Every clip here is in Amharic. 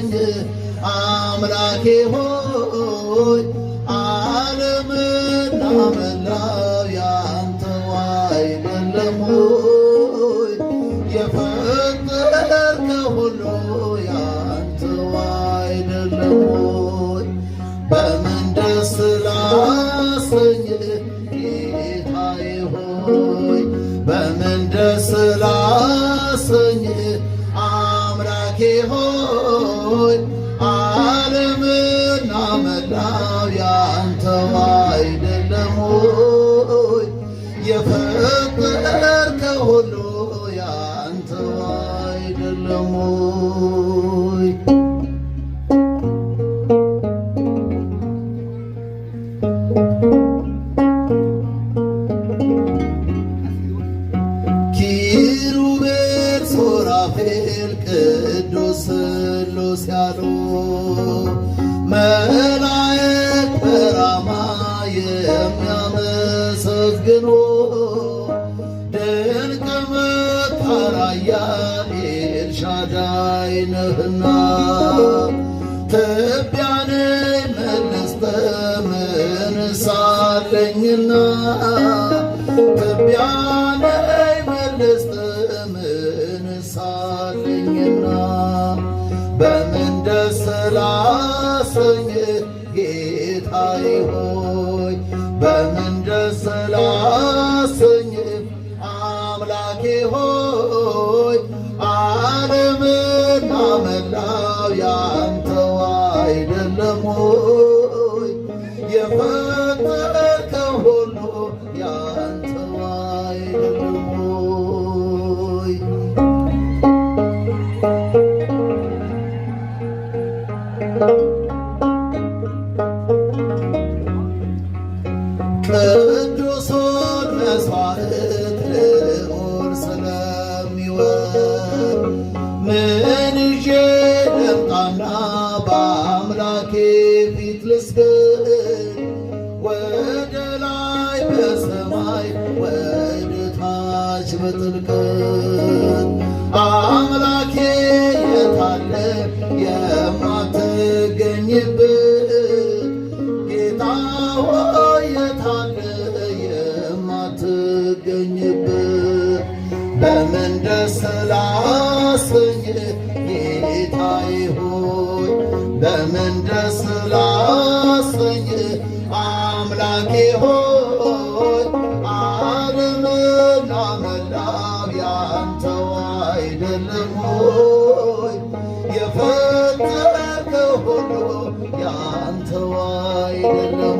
አድነኝ አምላኬ ሆይ ዓለምና መላው ያንተው አይደለም ሆይ የፈጠርከው ሁሉ ያንተው አይደለም ሆይ በምን ደስ ላሰኝህ ኤልሻዳይ ነህና ትቢያኔ መልስ ተመንሳለኝና ትቢያኔ መልስ ተመንሳለኝና በምን ደስ ላሰኝ ጌታዬ ሆይ በምን ደስ ላሰኝ love. ደስ ላሰኝ ጌታዬ ሆይ ለምን ደስ ላሰኝ አምላኬ ሆይ ዓለምና መላው ያንተው አይደለም ሆይ የፈጠርከው ሁሉ ያንተው አይደለም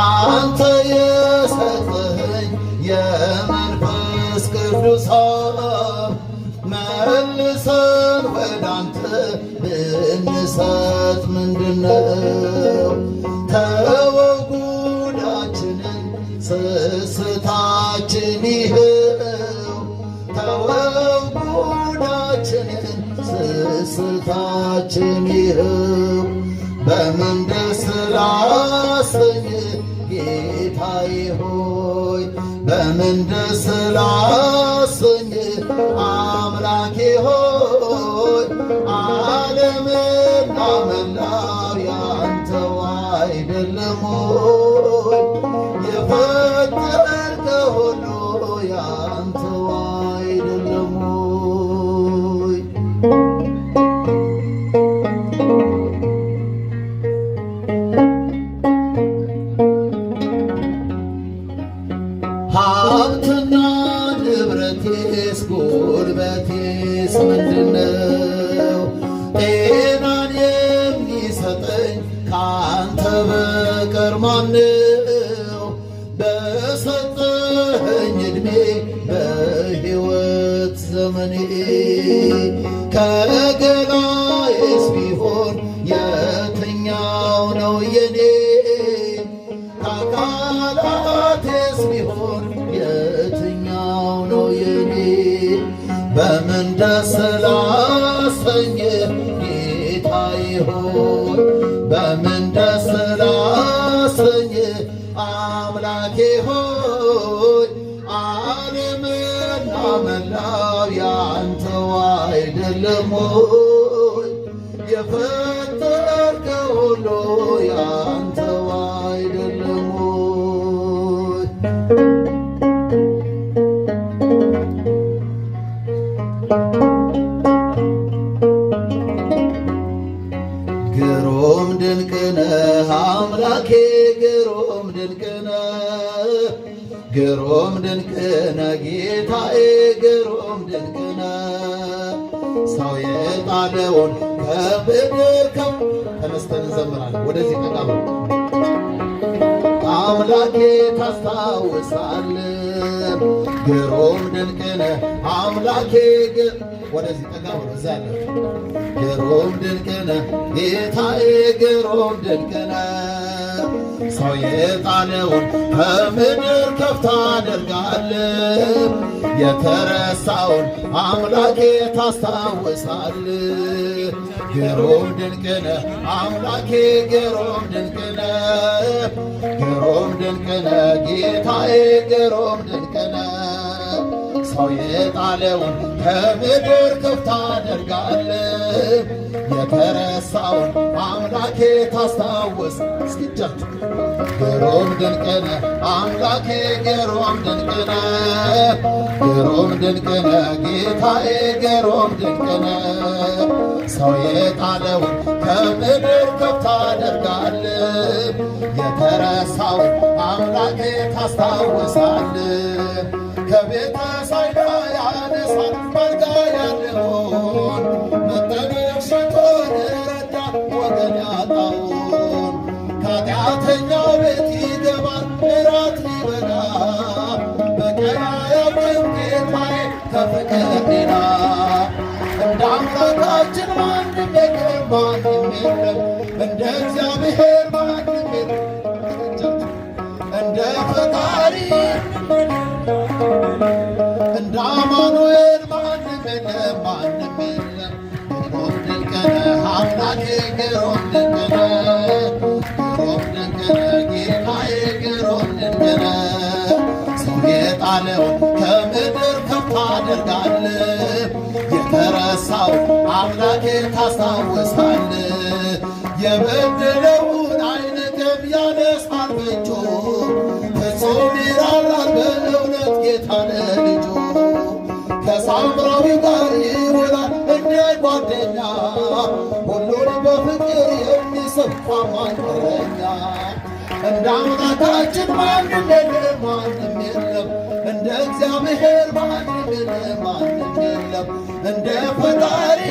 ላንተ የሰጠኝ የመንፈስ ቅዱስ መልሰን ወዳንተ ብንሰጥ ምንድነው ተወጉዳችንን ስስታችን ይህው ተወጉዳችንን ስስታችን ይህው በምንድ என்று சிலா በዕድሜ በሕይወት ዘመኔ ከገላዬስ ቢሆን የትኛው ነው የኔ ከአካላቴስ ቢሆን የትኛው ነው የኔ በምን ደስ ላሰኝ ጌታዬ ሆይ በምን ደስ ላሰኝ አምላኬ ሆይ መላው ያንተው አይደለም ሆይ የፈጠርከው ሁሉ ያንተው አይደለም ሆይ ግሩም ድንቅነ አምላኬ ግሩም ድንቅነ ግሩም ድንቅነ ጌታዬ ግሩም ድንቅነ ሰው የጣለውን ከምድር ከፍ ተነስተን እንዘምራለን ወደዚህ ጠቃ አምላኬ ታስታውሳል ግሩም ድንቅ ነህ አምላኬ ወደዚህ ጠጋ ወደዛ ግሩም ድንቅ ነህ ጌታዬ ግሩም ድንቅ ነህ ሰው የጣለውን ከምድር ከፍ ታደርጋለህ የተረሳውን አምላኬ ታስታውሳል ግሩም ድንቅ ነህ አምላኬ፣ ግሩም ድንቅ ነህ፣ ግሩም ድንቅ ነህ ጌታዬ፣ ግሩም ድንቅ ነህ ሰው የጣለው ከምድር ከፍ ታደርጋለህ። የተረሳውን አምላኬ ታስታውስ እስኪጃት ግሩም ድንቅ አምላኬ ግሩም ድንቅነ ነህ ግሩም ድንቅ ነህ ጌታዬ ግሩም ድንቅ ሰው የጣለውን ከምድር ከፍ ታደርጋለህ የተረሳውን አምላኬ ታስታውሳለህ ከቤተ ሳይዳ ያነሳ ባልጋ ያለውን መጠለያ ሰጥቶን ረዳት ወገን ያጣውን ከኃጢአተኛው ቤት ይገባል እራት ሊበላ በቀራያችን ጌታዬ ከፍቅርና እንደ አምላካችን ማንም የለም ማንም የለም እንደ እግዚአብሔር ማንም የለም እንደ ፈጣሪ እንደ አማኑኤል ማንም የለም ማንም የለም። ግሩም ድንቅ ነህ አምላኬ ግሩም ድንቅ ነህ ግሩም ድንቅ ነህ ጌታዬ ግሩም ድንቅ ነህ። ሰው የጣለውን ከምድር ከፍ ታደርጋለህ። የተረሳው አምላኬ ታስታውሳለህ። የበደለውን አይንህም ያነሳል በእጁ ሁሉን በፍቅር የሚስብ ማንኛ እንደ አምላካችን ማንም የለም ማንም የለም፣ እንደ እግዚአብሔር ማንም የለም ማንም የለም፣ እንደ ፈጣሪ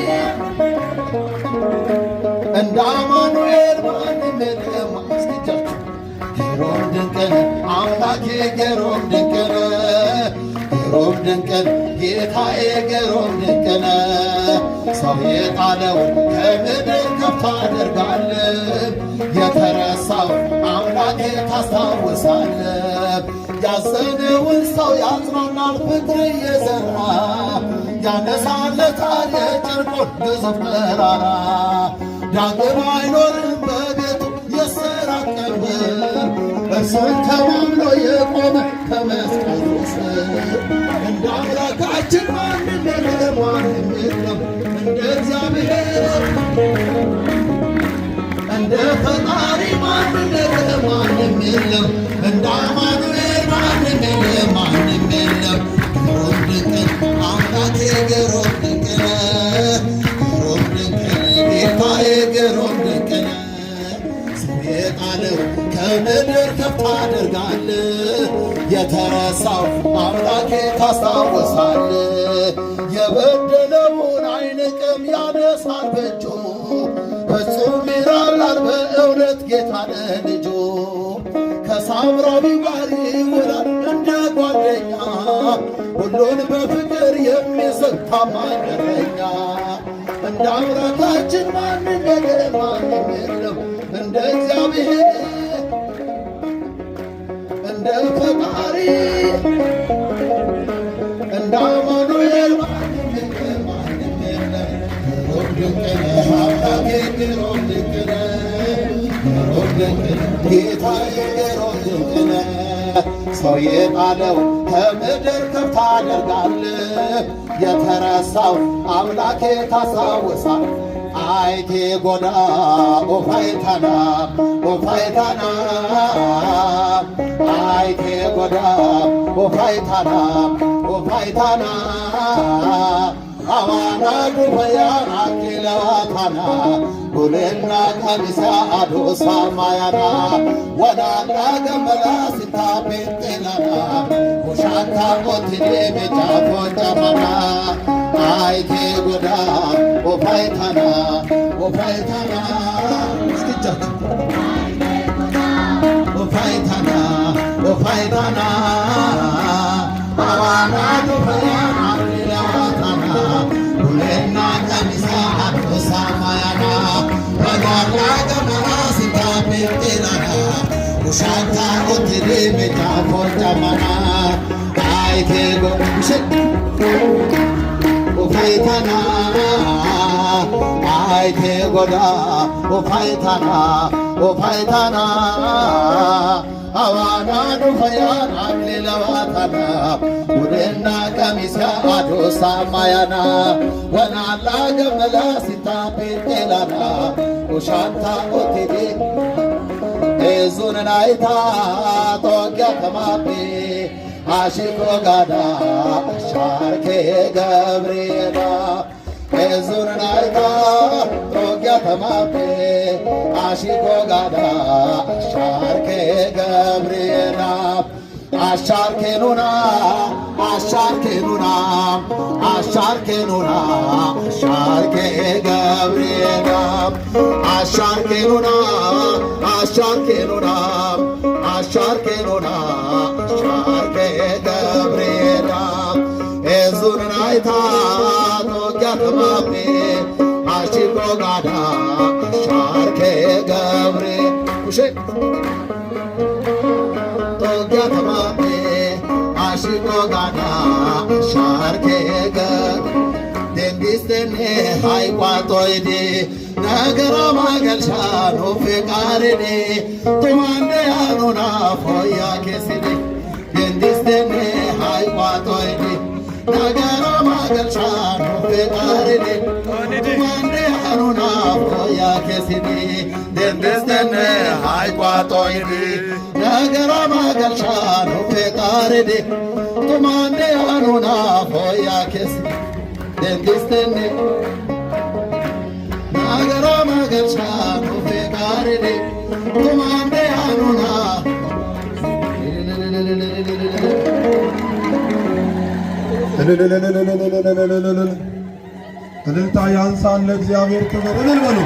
እንደ አማኑኤል ማንም የለም አስገጃችሁ ጌሮም ድንቅነ አምላኬ ጌሮም ድንቅነ ጌሮም ድንቅነ ጌታዬ ጌሮም ድንቅነ ሰው የጣለው ከምድር ከፍ ታደርጋለ የተረሳው አምላኬ ታስታውሳለ ያዘነውን ሰው ያጽናናል ፍቅር የዘራ ያነሳለታል የጨርቁን ግዙፍ ተራራ ዳግም አይኖርም በቤቱ የሥራ ቀብር እርሱን ተማምኖ የቆመ ከመስቀሉ ስር እንደ አምላካችን ማንም የለም እንደ እግዚአብሔር እንደ ፈጣሪ ማንነት ማንም የለም፣ እንደ አማኑኤል ማንም የለም፣ ማንም የለም። ድንቅ አምላኬ ግሩም ድንቅ ድንቅ ጌታዬ ግሩም ድንቅ ስሜ ቃልህ ከምድር ከፍ የተረሳው አምላኬ ታስታውሳለህ። ጌታነ ልጆ ከሳምራዊ ጋር ይሆናል እንደ ጓደኛ ሁሉን በፍቅር የሚስብ ታማኝ እረኛ እንደ አምላካችን ማንም ነገር ማንም የለም እንደ እግዚአብሔር እንደ ፈጣሪ እንደ አማኑኤል ማንም ማንም የለም ሮድቅ ሮድቅ ጌታ የሮዝነ ሰው የጣለው ከምድር ከፍ ታደርጋል። የተረሳው አምላኬ ታሳውሳል። አይቴ ጎዳ ኦፋይታና ኦፋይታና አይቴ ጎዳ ኦፋይታና ኦፋይታና አዋና ዱበያና ኪለዋታና ቡሌና ቀሚሳ አዶሳ ማያና ወናና ገመላ ሲታ ቤጤናና ሙሻታ ቆትዴ ሜጫፎ ጨመና አይቴ ጎዳ ኦፋይታና ኦፋይታና እስክቻ ኦፋይታና ኦፋይታና አዋና ዱፈ Usata otiri mita porta mana Ai te go shit O paitana Ai te go da O paitana O paitana Avana du fayana lilavatana Urenna kamisa adu samayana Wanala gamala sita pintelana Usanta otiri እዙን ናይታ ቶንጌ ከማቤ አሽኮ ጋዳ ሻርኬ ገብሬና እዙን ናይታ ቶንጌ ከማቤ አሽኮ ጋዳ ሻርኬ ገብሬና አሻርኬኑና አሻርኬኑና አሻርኬኑና አሻርኬ ገብሬና አሻርኬኑና ሃይቋጦይዴ ነገራ ማገልሻኖ ፍቃሬኔ ቱማነ ያኑና ፎያ ኬስኔ ገንዲስቴኔ ሃይቋጦይዴ ነገራ ማገልሻኖ ፍቃሬኔ ቱማነ ያኑና ፎያ ኬስኔ ገንዲስቴኔ ሃይቋጦይዴ ነገራ ማገልሻኖ ፍቃሬኔ ቱማነ ያኑና ፎያ ኬስኔ dentistene እልል እልልታ ያንሳን ለእግዚአብሔር ክብር እልል በሉ።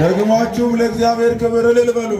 ደግማችሁም ለእግዚአብሔር ክብር እልል በሉ።